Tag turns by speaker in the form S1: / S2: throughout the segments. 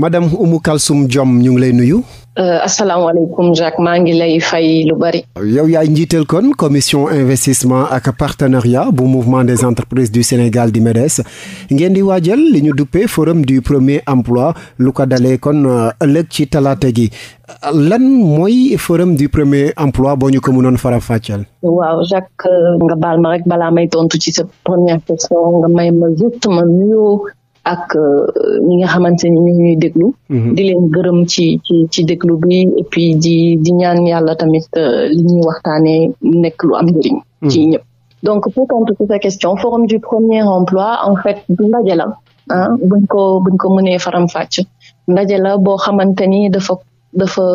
S1: madame Oumou Kalsoum Diom ñu ngi lay nuyu.
S2: Uh, asalaamaaleykum Jacques maa ngi lay fay lu bari.
S1: yow yaay njiital kon commission investissement ak partenariat bu mouvement des entreprises du Sénégal di MEDES ngeen di waajal li ñu duppee forum du premier emploi lu ko dalee kon euh, lëg ci talaata gi lan mooy forum du premier emploi boo ñu ko mu mënoon faram-fàcceel.
S2: waaw Jacques euh, nga baal ma rek balaa may tontu ci sa nga may ma juste ma nuyoo ak euh, ñi nga xamante ni ñoo ñuy déglu. Mhm. di leen gërëm ci ci ci déglu bi et puis di di ñaan yàlla tamit euh, li ñuy waxtaanee nekk lu am njëriñ. Mhm. ci ñëpp donc pour répondre à ta question forum du premier emploi en fait du ndaje la ah buñ ko buñ ko mënee faram fàcc ndaje la dafa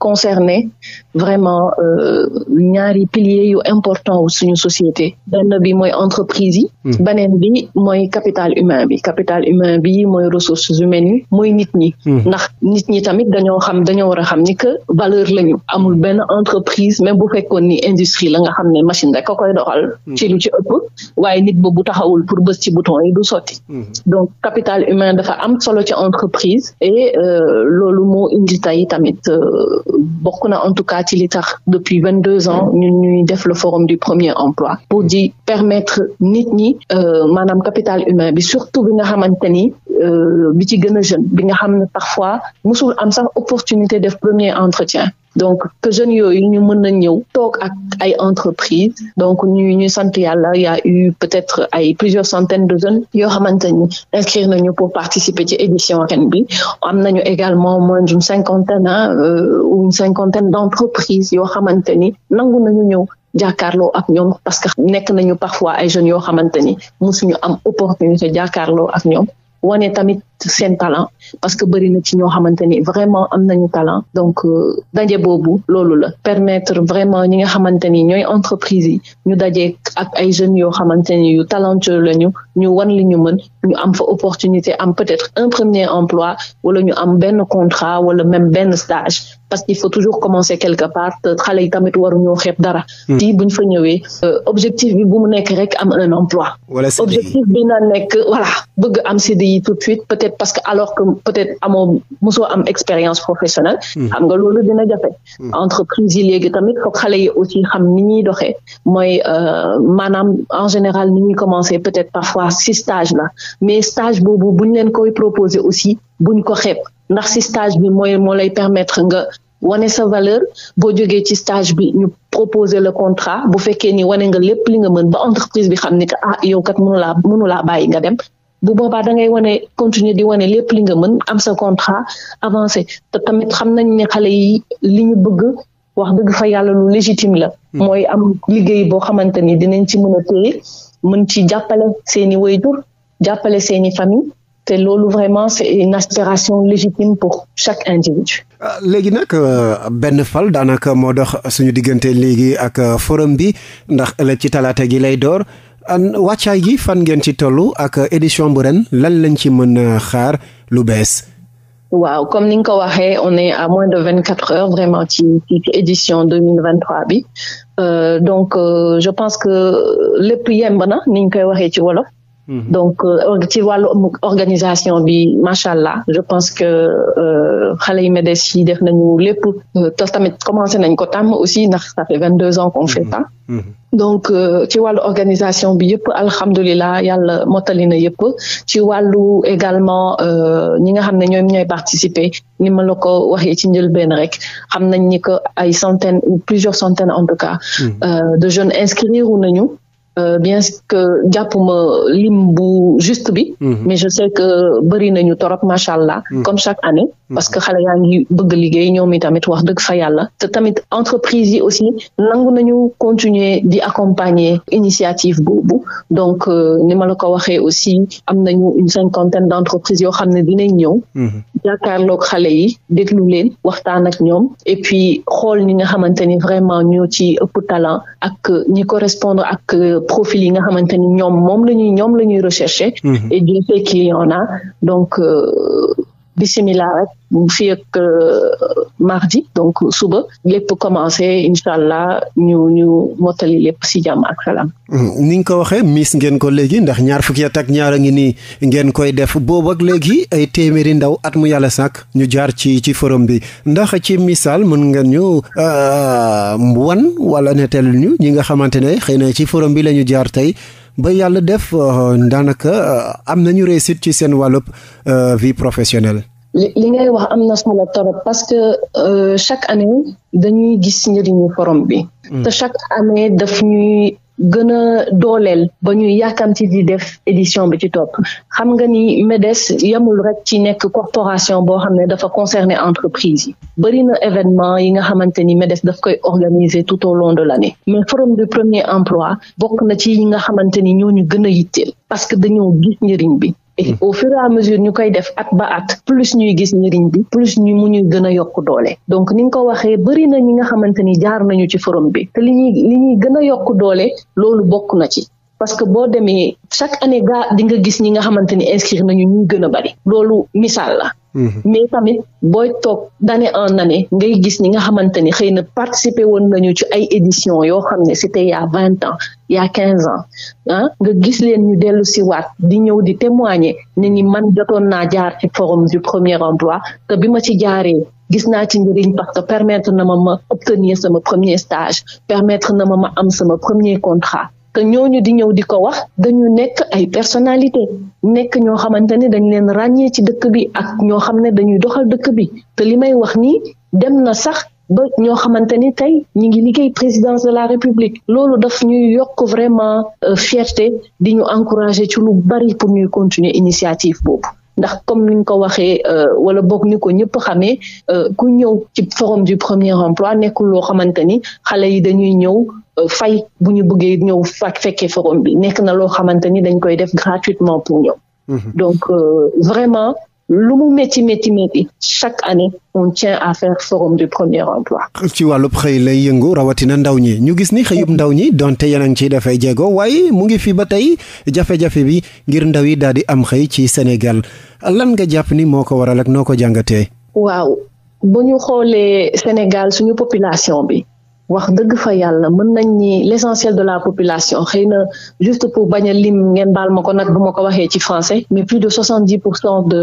S2: concerné vraiment euh, ñaari pilier yu important wu suñu société benn bi mooy entreprise yi hmm. beneen bi mooy capital humain bi capital humain bi mooy ressources humaines yi mooy nit ñi hmm. ndax nit ñi tamit dañoo xam dañoo war a xam ni que valeur lañu amul benn entreprise même bu fekkoon ni industrie la nga xam ne machine rek a koy doxal hmm. ci lu ci ëpp waaye nit boobu taxawul pour bës ci bouton yi du sotti donc capital humain dafa am solo ci entreprise e loolu moo indi tey tamit euh, bokk na en tout cas ci li tax depuis vingt deux ans ñun ñuy def le forum du premier emploi pour di permettre nit ñi euh, maanaam capital humain bi surtout bi nga xamante ni euh, bi ci gën a jeune bi nga xam ne parfois musul am sax opportunité def premier entretien donc que jeunes yooyu ñu mën a ñëw toog ak ay entreprises donc ñu ñu sant yàlla y eu peut-être ay plusieurs centaines de jeunes yoo xamante ni inscrire ñu pour participer ci édition ren bi am na ñu également moins d'une cinquantaine euh, ou une cinquantaine d'entreprises yoo xamante ni nangu na ñu ñëw jàkkaarloo ak ñoom parce que nekk nañu parfois ay jeunes yoo xamante ni musuñu am opportunité jàkkaarloo ak ñoom wane tamit seen talent parce que bëri na ci ñoo xamante ni vraiment am nañu talent donc euh, daje boobu loolu la permettre vraiment ñi nga xamante ni ñooy entreprise yi ñu daje ak ay jeunes yoo xamante ni yu talentueux lañu ñu wan li ñu mën ñu am fa opportunité am peut-être un premier emploi wala ñu am benn contrat wala même benn stage parce qu'il faut toujours commencer quelque part xale yi tamit dara. ci hmm. buñ fa ñëwee. Euh, objectif bi bu nekk rek am un emploi. objectif bi na nekk voilà bëgg am CDI tout de suite parce que alors que peut-être amoo mosoo am expérience professionnelle. Hmm. xam nga loolu dina jafe. Hmm. entreprise yi léegi tamit foog xale yi aussi xam ni ñuy doxee mooy euh, maanaam en général ni ñuy commencer peut-être parfois si stage la mais stage boobu buñ leen koy proposer aussi buñ ko xeeb. ndax si stage bi wane sa valeur boo jógee ci stage bi ñu proposer le contrat bu fekkee ni wane nga lépp li nga mën ba entreprise bi xam ni que ah yow kat mënu laa mënu laa bàyyi nga dem bu boobaa da ngay wane continuer di wane lépp li nga mën am sa contrat avancé te tamit xam nañ ne xale yi li ñu bëgg wax dëgg fa yàlla lu légitime la. Hmm. mooy am liggéey boo xamante ni dinañ ci mën a téye mën ci jàppale seeni i waajur jàppale seen i famille te loolu vraiment c'est une aspiration légitime chaque individu.
S1: léegi nag euh, benn fal daanaka moo dox suñu diggante léegi ak euh, forum bi ndax ëllëg ci talaata gi lay door wàccaay gi fan ngeen ci tollu ak euh, édition bu ren lan lañ ci mën a xaar lu bees.
S2: waaw comme ni nga ko waxee on est à moins de vingt quatre heures vraiment ci ci édition deux mille vingt trois bi donc euh, je pense que lépp yemb na ni ñu koy waxee ci wolof Mm-hmm. donc euh, ci wàllu organisation bi macha allah je pense que euh, xale yi MEDES yi def nañu lépp euh, te tamit commencé nañ ko tàmm aussi ndax ça fait vingt deux ans qu'on mm-hmm. Mm-hmm. donc ci wàllu organisation bi yëpp alhamdulilah yàlla mottali na yëpp ci wàllu également ñi nga xam ne ñoom ñooy participer ni ma la ko waxee ci njëlbeen rek xam nañ ni que ay centaines ou plusieurs centaines en tout cas de jeunes inscrire nañu Euh, bien que jàppuma lim bu juste bi. Mhm. mais je sais que bëri nañu torop macha allah. Mhm. comme chaque année. Mhm. parce que xale yaa ngi bëgg liggéey ñoom i tamit wax dëgg fa yàlla. te tamit entreprise yi aussi nangu nañu continuer di accompagner initiative boobu donc euh, ni ma la ko waxee aussi am nañu une cinquantaine d'entreprises yoo xam ne dinañ ñëw. jàkkaarloog xale yi déglu leen waxtaan ak ñoom et puis xool ñi nga xamante ni vraiment ñoo ci ëpp talent ak ñi correspondre ak. profil yi nga xamante ni ñoom moom la ñuy ñoom la ñuy rechercher. Mm-hmm. et Dieu sait qu'il a donc. Euh, bisimilah rek mu fi ak euh, mardi donc suba lépp commencé incha allah ñu ñu mottali lépp si jàmm ak salaam.
S1: Mm, ni nga ko waxee miis ngeen ko léegi ndax ñaar fukki at ak ñaara a ngi nii ngeen koy def boobu ak léegi ay téeméeri ndaw at mu yàlla sàkk ñu jaar ci ci forum bi ndax ci misaal mën ngeen ñu euh, wan wala nettal ñu ñi nga xamante ne xëy na ci forom bi lañu jaar tey. ba yàlla def euh, daanaka euh, am nañu réussite ci seen wàllub euh, vie professionnelle.
S2: li ngay wax am na solo torop parce que chaque année dañuy gis njëriñu forom bi. Hmm. te chaque année daf ñuy gën a dooleel ba ñuy yàkkam ci di def édition bi ci top xam nga ni MEDES yemul rek ci nekk corporation boo xam ne dafa concerner entreprise yi bëri na événement yi nga xamante ni MEDES daf koy organiser tout au long de l'année mais forum du premier emploi bokk na ci yi nga xamante ni ñooñu gën a yitteel parce que dañoo gis njëriñ bi Hmm. au fur à mesure ñu koy def at ba at plus ñuy gis njëriñ bi plus ñu mu ñuy gën a yokk doole donc ni nga ko waxee bëri na ñi nga xamante ni jaar nañu ci forum bi te li ñuy li ñuy gën a yokk doole loolu bokk na ci parce que boo demee chaque année gaa di nga gis ñi nga xamante ni inscrire nañu ñu gën a bari loolu misaal la Mm-hmm. mais tamit booy toog d'année en année ngay gis ñi nga xamante ni xëy na participer woon nañu ci ay édition yoo xam ne c'était il y a vingt ans il y a quinze ans ah, nga gis leen ñu dellu si waat di ñëw di témoigner ne ni man jotoon naa jaar ci forum du premier emploi que bi ma ci jaaree gis naa ci njëriñ parce que permettre na ma ma obtenir sama premier stage permettre na ma ma am sama premier contrat que ñooñu di ñëw di ko wax dañu nekk ay personnalité nekk ñoo xamante ne dañ leen ràññee ci dëkk bi ak ñoo xam ne dañuy doxal dëkk bi te li may wax nii dem na sax ba ñoo xamante ni tey ñu ngi liggéey présidence de la république loolu daf ñuy yokk vraiment euh, fierté di ñu encourager ci lu bari pour ñuy continuer initiative boobu. ndax comme ni ñu ko waxee euh, wala boog ni ko ñëpp xamee euh, ku ñëw ci forum du premier emploi nekkul loo xamante ni xale yi dañuy ñëw euh, fay bu ñu bëggee ñëw fak fekkee forum nekk na loo xamante ni dañ koy def gratuitement pour ñëw mm-hmm. donc vraiment lu mu métti métti métti chaque année on tient à faire forum premier emploi.
S1: ci wàllub xëy lay yëngu rawatina ndaw ñi ñu gis ni xëyub ndaw ñi donte yéen a ngi ciy dafay jéego waaye mu ngi fi ba tey jafe-jafe bi ngir ndaw yi daal di am xëy ci Sénégal lan nga jàpp ni moo ko waral ak noo ko jàngatee.
S2: waaw bu ñu xoolee Sénégal suñu population bi. wax dëgg fa yàlla mën nañ ni l'essentiel de la population xëy na juste pour bañ a lim ngeen baal ma ko nag bu ma ko waxee ci français mais plus de soixante dix pour cent de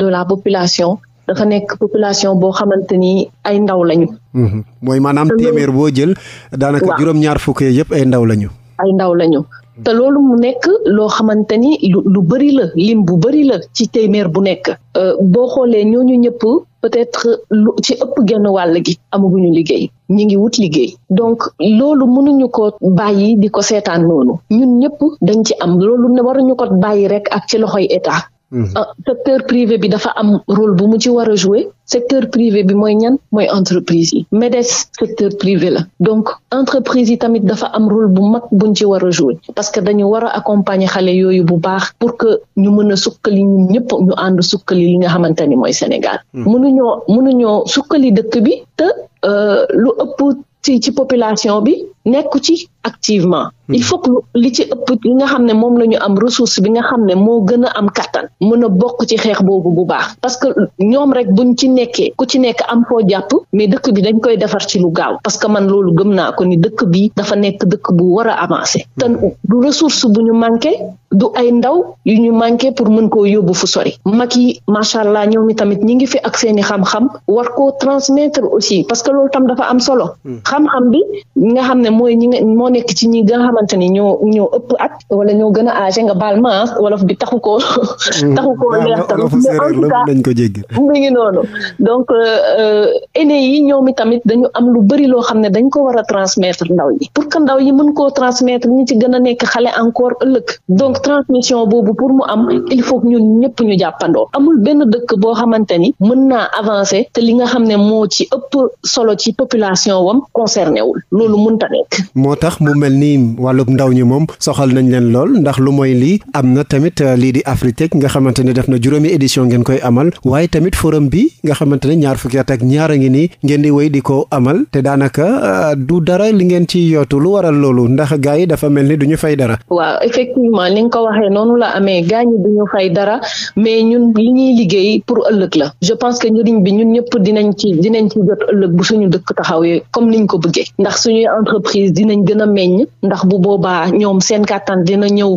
S2: de la population dafa nekk population boo xamante ni ay ndaw lañu.
S1: Mhm. mooy maanaam téeméer boo jël. daanaka juróom-ñaar fukk yëpp ay ndaw lañu.
S2: ay ndaw lañu. te loolu mu nekk loo xamante ni lu bëri la lim bu bëri la ci téeméer bu nekk euh, boo xoolee ñooñu ñëpp peut-être lu ci ëpp genn wàll gi amaguñu liggéey ñi ngi wut liggéey donc loolu mënuñu ko bàyyi di ko seetaan noonu ñun ñëpp dañ ci am loolu waruñu ko bàyyi rek ak ci loxoy état Mhm. Euh, secteur privé bi dafa am rôle bu mu ci war a jouer secteur privé bi mooy ñan mooy entreprise yi MEDES secteur privé la donc entreprise yi tamit dafa am rôle bu mag buñ ci war a jouer parce que dañu war a accompagner xale yooyu bu baax pour que ñu mën a sukkali ñun ñëpp ñu ànd sukkali li nga xamante ni mooy Sénégal ñoo mhm. mënuñoo ñoo sukkali dëkk bi te euh, lu ëpp ci ci population bi nekku ci activement hmm. il faut que li ci ëpp li nga xam ne moom la ñu am ressource bi nga xam ne moo gën a am kattan mën a bokk ci xeex boobu bu baax parce que ñoom rek buñ ci nekkee ku ci nekk am foo jàpp mais dëkk bi dañ koy defar ci lu gaaw parce que man loolu gëm naa ko ni dëkk bi dafa nekk dëkk bu war a avancer hmm. te du ressource bu ñu manqué du ay ndaw yu ñu manqué pour mën koo yóbbu fu sori mag yi macha allah ñoom i tamit ñi ngi fi ak seeni xam-xam war koo transmettre aussi parce que loolu tam dafa am solo hmm. mooy ñi moo nekk ci ñi nga xamante ni ñoo ñoo ëpp at wala ñoo gën a âgé nga baal maas wolof bi taxu ko mm. taxu ko leer tamit mais en mu noonu donc euh, euh, aîné yi ñoom i tamit dañu am lu bëri loo xam ne dañ ko war a transmettre ndaw yi pour que ndaw yi mën koo transmettre ñi ci gën a nekk xale encore ëllëg donc transmission boobu pour mu am il faut que ñun ñëpp ñu jàppandoo amul benn dëkk boo xamante ni mën naa avancer te li nga xam ne moo ci ëpp solo ci population wam concerné
S1: moo tax mu mel ni wàllub ndaw ñi moom soxal nañ leen lool ndax lu mooy lii am na tamit euh, lii di Afritech nga xamante ne def na juróomi édition ngeen koy amal waaye tamit forum bi nga xamante ne ñaar fukki at ak ñaar a ngi nii ngeen di woy di ko amal te daanaka euh, du dara li ngeen ci yootu lu waral loolu ndax gars yi dafa mel ni duñu fay dara.
S2: waaw effectivement ni nga ko waxee noonu la amee gars ñi du fay dara mais ñun li ñuy liggéey pour ëllëg la je pense que njëriñ bi ñun ñëpp dinañ ci dinañ ci suñu dëkk taxawee comme niñ ko bëggee entreprise dinañ gën a meññ ndax bu booba ñoom seen kàttan dina ñëw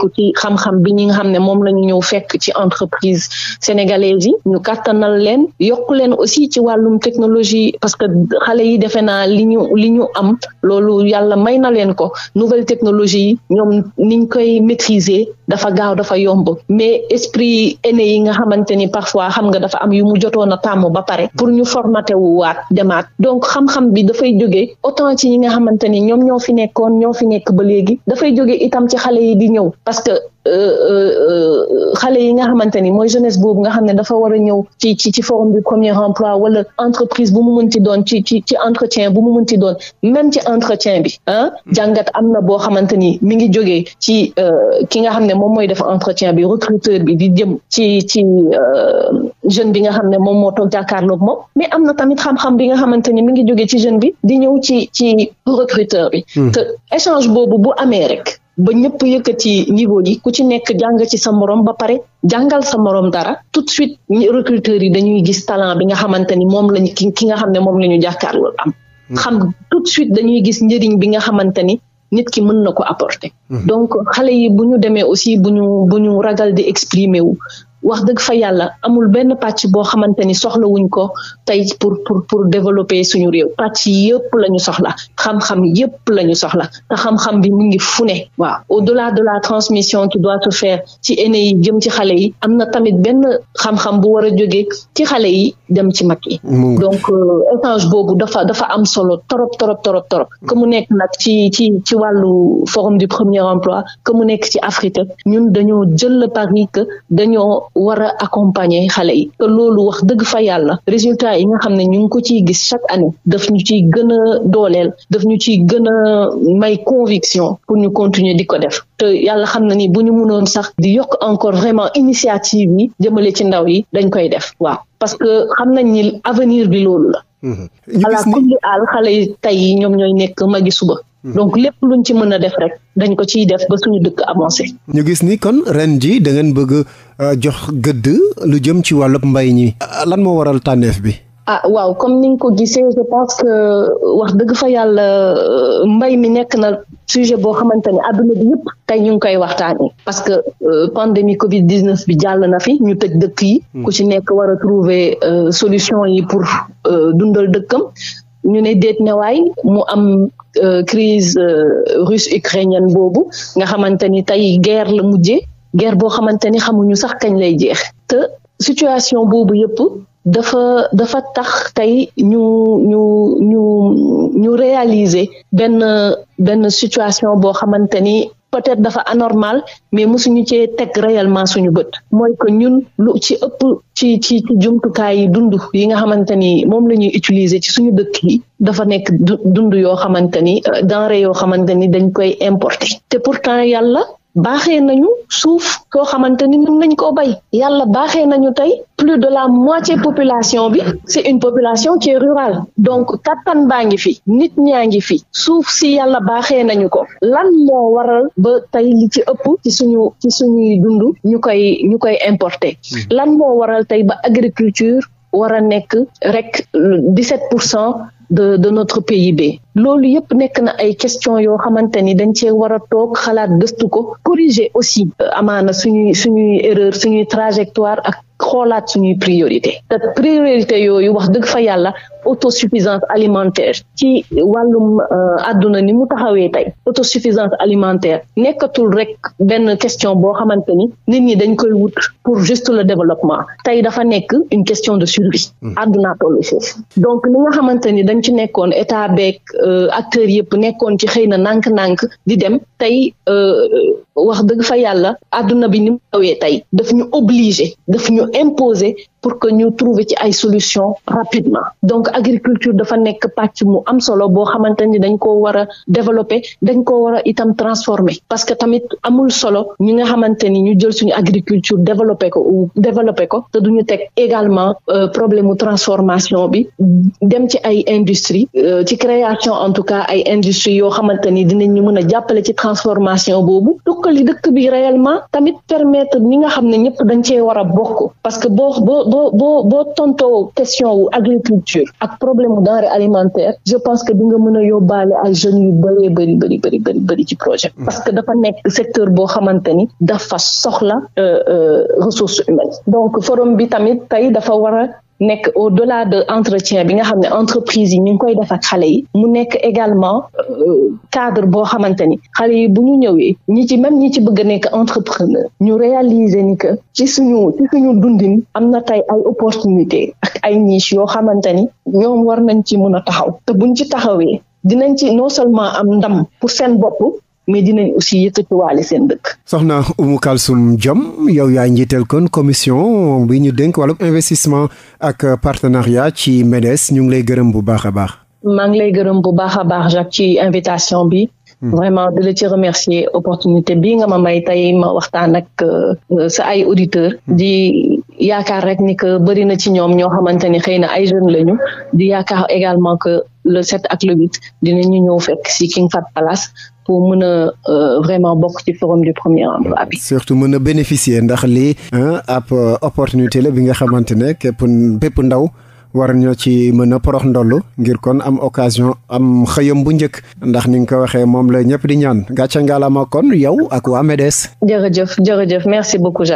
S2: ko ci xam-xam bi ñi nga xam ne moom la ñu ñëw fekk ci entreprise sénégalaise yi ñu kàttanal leen yokk leen aussi ci wàllum technologie parce que xale yi defe naa li ñu li ñu am loolu yàlla may na leen ko nouvelle technologie yi ñoom niñ koy maîtriser dafa gaaw dafa yomb mais esprit aîné yi nga xamante ni parfois xam nga dafa am yu mu jotoon a tàmm ba pare pour ñu formaté wu waat demaat donc xamante ni ñoom ñoo fi nekkoon ñoo fi nekk ba léegi dafay jóge itam ci xale yi di ñëw parce que euh, euh, euh, xale yi nga xamante ni mooy jeunesse boobu nga xam ne dafa war a ñëw ci ci ci forum du premier emploi wala entreprise bu mu mënti doon ci ci ci entretien bu mu mënti doon même ci entretien bi ah jàngat am na boo xamante ni mi ngi jógee ci ki nga xam ne moom mooy def entretien bi recruteur bi di jëm ci ci jeune bi nga xam ne moom moo toog jàkkaarloog moom mais am na tamit xam-xam bi nga xamante ni mi ngi jóge ci jeune bi di ñëw ci ci recruteur bi. Hmm. te échange boobu bu amee rek. ba ñëpp yëkkati niveau yi ku ci nekk jàng ci sa moroom ba pare jàngal sa morom dara tout de suite recruteurs yi dañuy gis talent bi nga xamante ni moom lañu ki ki nga xam ne moom la ñu jàkkaarloo am. Hmm. xam tout de suite dañuy gis njëriñ bi nga xamante ni nit ki mën na ko apporter. Hmm. donc xale yi bu ñu demee aussi bu ñu bu ñu ragal di exprimer wu wax dëgg fa yàlla amul benn pàcc boo xamante ni soxla wuñ ko tey pour pour pour développer suñu réew pàcc yëpp la ñu soxla xam-xam yëpp la ñu soxla te xam-xam bi mu ngi fu ne waaw au-delà de la transmission qui doit se faire ci aînés yi jëm ci xale yi am na tamit benn xam-xam bu war a jógee ci xale yi dem ci mag yi donc euh, échange boobu dafa dafa am solo torop torop torop torop que mu nekk nag ci ci ci wàllu forum du premier emploi que mu nekk ci Afrique ñun dañoo jël le war a accompagner xale yi te loolu wax dëgg fa yàlla résultat yi nga xam ne ñu ngi ko ci gis chaque année daf ñu ciy gën a dooleel daf ñu ci gën a may conviction pour ñu continuer di ko def te yàlla xam na ni bu ñu mënoon sax di yokk encore vraiment initiative yi jëmale ci ndaw yi dañ koy def waaw parce que xam nañ ni avenir bi loolu la. Mm-hmm. ñu gis ni xale yi tey ñoom ñooy nekk magi suba. donc lépp lu luñ ci mën a def rek dañ ko ciy def ba suñu dëkk avancé.
S1: ñu gis ni kon ren ji da ngeen bëgg euh, jox gëdd lu jëm ci wàllub mbay ñi. lan moo waral tànneef bi.
S2: ah waaw comme ni nga ko gisee euh, wax dëgg fa yàlla euh, mbay mi nekk na sujet boo xamante ne àdduna bi yëpp tey ñu ngi koy waxtaanee parce que pandémie Covid 19 bi jàll na fi ñu tëj dëkk yi. Hmm. ku ci nekk war a trouver solution yi pour dundal dëkkam. ñu ne déet ne waay mu am euh, crise euh, russe ukrainienne boobu nga xamante ni tey guerre la mujjee guerre boo xamante ni xamuñu sax kañ lay jeex te situation boobu yëpp dafa dafa tax tey ñu ñu ñu ñu réaliser benn benn situation boo xamante ni peut-être dafa anormal mais mosuñu cee teg réellement suñu bët mooy que ñun lu ci ëpp ci ci jumtukaay yi dund yi nga xamante ni moom la ñuy utiliser ci suñu dëkk yi dafa nekk dund yoo xamante ni euh, denrée yoo xamante ni dañ koy importer te pourtant yàlla baaxee nañu suuf koo xamante ni mën nañ koo bay yàlla baaxee nañu tey plus de la moitié population bi c'est une population qui est rurale donc kattan baa ngi fi nit ñaa ngi fi suuf si yàlla baaxee nañu ko lan moo waral ba tey li ci ëpp ci suñu ci suñuy dund ñu koy ñu koy importer hmm. lan moo waral tey ba agriculture war a nekk rek 17 pour cent de de notre PIB loolu yëpp nekk na ay question yoo xamante ni dañ cee war a toog xalaat gëstu ko corriger aussi euh, amaana suñuy suñuy erreur suñuy trajectoire ak xoolaat suñuy priorité te priorité yooyu wax dëgg fa yàlla autosuffisance alimentaire ci wàllum adduna euh, ni mu taxawee tey autosuffisance alimentaire nekkatul rek benn question boo xamante ni nit ñi dañ koy wut pour juste le développement tey dafa nekk une question de survie hmm. àdduna tollu foofu donc li nga xamante ni dañ ci nekkoon état beeg euh, acteurs yëpp nekkoon ci xëy na nànk-nànk di dem tey euh, wax dëgg fa yàlla adduna bi ni mu tawee tey daf ñu obligé daf ñu imposer pour que ñu trouver ci ay solution rapidement donc agriculture dafa nekk pàcc mu am solo boo xamante ni dañ koo war a développer dañ koo war a itam transformer parce que tamit amul solo ñi nga xamante ni ñu jël suñu agriculture développer ko ou ko te du ñu teg également euh, problème mu transformation bi dem ci ay industrie euh, ci création en tout cas ay industrie yoo xamante ni dinañ ñu mën a jàppale ci transformation boobu tukkali dëkk bi réellement tamit permettre ñi nga xam ne ñëpp dañ cee war a bokk boo boo boo tontoo question wu agriculture ak problème mu denrée alimentaire je pense que di nga mën a yóbbaale ay jeunes yu bëree bëri bëri bëri bëri bëri ci projet mm. parce que dafa nekk secteur boo xamante ni dafa soxla euh, euh, ressources humaines donc forum bi tamit tey dafa war nekk au delà de entretien bi nga xam ne entreprise yi ñu ngi koy def xale yi mu nekk également euh, cadre boo xamante ni xale yi bu ñu ñëwee ñi ci même ñi ci bëgg a nekk entrepreneur ñu réaliser ni que ci suñu ci dundin am na tey ay opportunité ak ay niche yoo xamante ni ñoom war nañ ci mun a taxaw te buñ ci taxawee dinañ ci non seulement am ndam pour seen bopp mais dinañ aussi yëkkatiwaale seen dëkk. soxna
S1: Oumou Kalsoum Diom yow yaa njiiteel kon commission bi ñu dénk wàllu investissement ak partenariat ci MEDES ñu ngi lay gërëm bu baax a baax.
S2: maa ngi lay gërëm bu baax a baax Jacques ci invitation bi. Hmm. vraiment di la ci remercier opportunité bii nga ma may tey ma waxtaan ak euh, sa ay auditeurs. Hmm. di yaakaar rek ni que bëri na ci ñoom ñoo xamante ni xëy na ay jeunes lañu di yaakaar également que le set ak le dina ñu ñëw fekk si King Fahd Palace pour mën a euh, vraiment bokk ci forum du premier emploi
S1: surtout mën a bénéficier ndax lii ab euh, opportunité la bi nga xamante ne képp bépp ndaw. war ñoo ci mën a porox ndollu ngir kon am occasion am xëyam bu njëkk ndax ni nga ko waxee moom la ñëpp di ñaan gàcce ngalaama kon yow ak waa MEDES.
S2: jërëjëf jërëjëf merci beaucoup